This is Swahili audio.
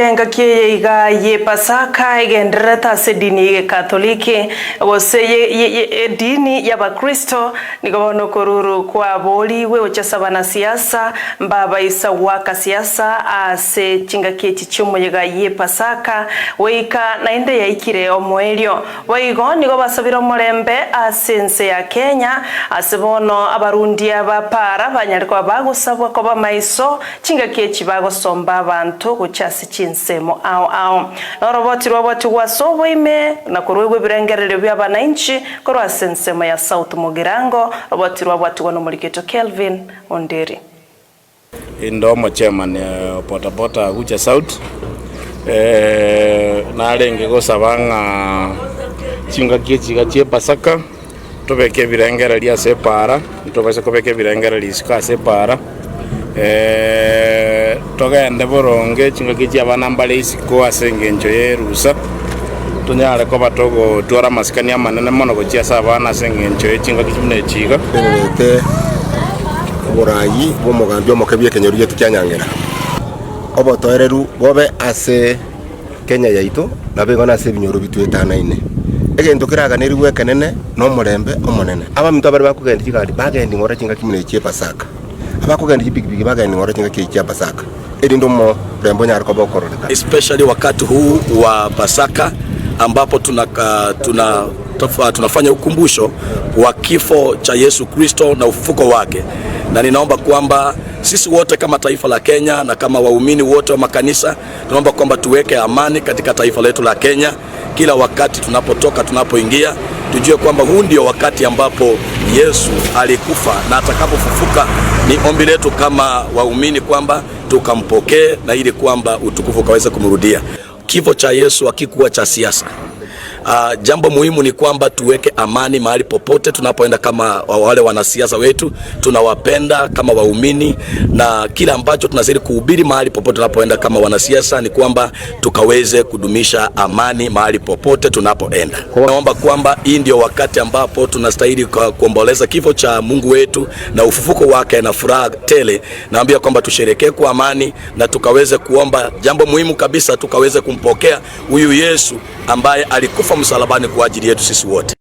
yengaki ye pasaka igendereta ase edini ya ekatoliki gose edini ya bakristo nigo bono okoruru kwaboriwe ochesa siasa mbabaisa waka siasa ase chingaki echi chiomoyega yepasaka goika naende yaikire omoerio boigo nigo basabire omorembe ase nse ya kenya ase bono abarundi abapara banyare koba bagosabwa koba maiso chingaki echi bagosomba abanto gocha ase ensemo ao ao noroboti rwabwati gwasoboime na kurwigwa ebirengerero bya bananchi korwase ensemo ya south mugirango roboti rwabwatigwa nomuriketo Kelvin Onderi indomo chairman ya pota gucha south eh narenge gosaba ng'a kie chiga chie pasaka tubeke ebirengera ria ase epara ntobase kobeka ebirengera risiko ase epara eh togende boronge chingoki chiaba nambala isiko ase engencho ya erusa tunyaleko batogo twara masikania amanene mono gochiasa abana ase engencho ya chingoki chimuna echiga erete oborayi bwa omogambi omoke bwa ekenyoro gietu kianyang'era obotoereru bobe ase kenya yaitu nabo igo na ase ebinyoro bitwetanaine egento keraganeriwe ekenene na omorembe omonene abaminto abare bakogendi chigari bagendi ng'ora chingaki muna echi ebasaka abakugenda ipikipiki bagenda Pasaka ili ndomo rembo especially wakati huu wa Pasaka ambapo tuna, uh, tuna uh, tunafanya ukumbusho wa kifo cha Yesu Kristo na ufufuko wake, na ninaomba kwamba sisi wote kama taifa la Kenya na kama waumini wote wa makanisa tunaomba kwamba tuweke amani katika taifa letu la Kenya kila wakati tunapotoka, tunapoingia, tujue kwamba huu ndio wakati ambapo Yesu alikufa na atakapofufuka. Ni ombi letu kama waumini kwamba tukampokee na ili kwamba utukufu ukaweze kumrudia. Kifo cha Yesu hakikuwa cha siasa. Uh, jambo muhimu ni kwamba tuweke amani mahali popote tunapoenda. Kama wale wanasiasa wetu tunawapenda kama waumini, na kile ambacho tunazidi kuhubiri mahali popote tunapoenda kama wanasiasa ni kwamba tukaweze kudumisha amani mahali popote tunapoenda. Naomba kwamba hii ndio wakati ambapo tunastahili kuomboleza kifo cha Mungu wetu na ufufuko wake na furaha tele. Naambia kwamba tusherekee kwa amani na tukaweze kuomba jambo muhimu kabisa, tukaweze kumpokea huyu Yesu ambaye alikufa msalabani kwa ajili yetu sisi wote.